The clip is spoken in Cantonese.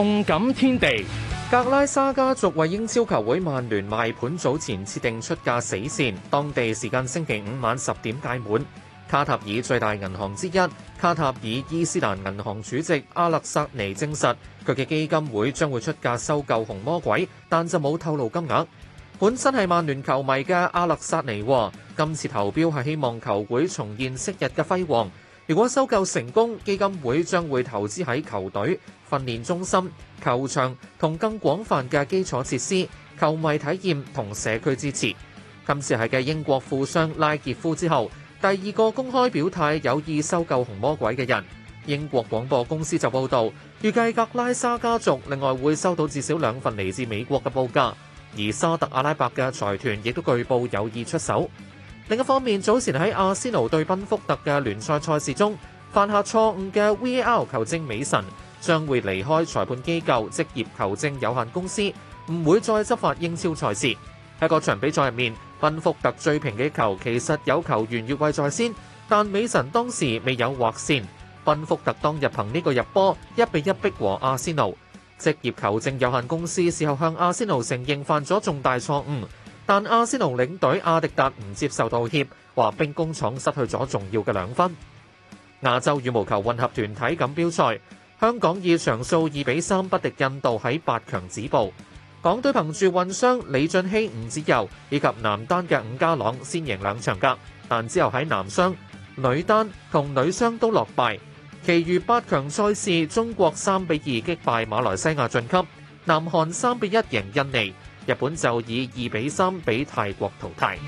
動感天地，格拉沙家族為英超球會曼聯賣盤，早前設定出價死線，當地時間星期五晚十點屆滿。卡塔爾最大銀行之一，卡塔爾伊斯蘭銀行主席阿勒薩尼證實，佢嘅基金會將會出價收購紅魔鬼，但就冇透露金額。本身係曼聯球迷嘅阿勒薩尼，今次投標係希望球會重現昔日嘅輝煌。如果收購成功，基金會將會投資喺球隊、訓練中心、球場同更廣泛嘅基礎設施、球迷體驗同社區支持。今次係繼英國富商拉傑夫之後，第二個公開表態有意收購紅魔鬼嘅人。英國廣播公司就報道，預計格拉沙家族另外會收到至少兩份嚟自美國嘅報價，而沙特阿拉伯嘅財團亦都據報有意出手。另一方面，早前喺阿仙奴對賓福特嘅聯賽賽事中犯下錯誤嘅 VAR 球證美神將會離開裁判機構職業球證有限公司，唔會再執法英超賽事。喺個場比賽入面，賓福特最平嘅球其實有球員越位在先，但美神當時未有劃線。賓福特當日憑呢個入波一比一逼和阿仙奴。職業球證有限公司事後向阿仙奴承認犯咗重大錯誤。但阿仙奴領隊阿迪達唔接受道歉，話兵工廠失去咗重要嘅兩分。亞洲羽毛球混合團體錦標賽，香港以場數二比三不敵印度喺八強止步。港隊憑住混雙李晉熙吳芷柔以及男單嘅伍家朗先贏兩場架，但之後喺男雙、女單同女雙都落敗。其餘八強賽事，中國三比二擊敗馬來西亞晉級，南韓三比一贏印尼。日本就以二比三俾泰國淘汰。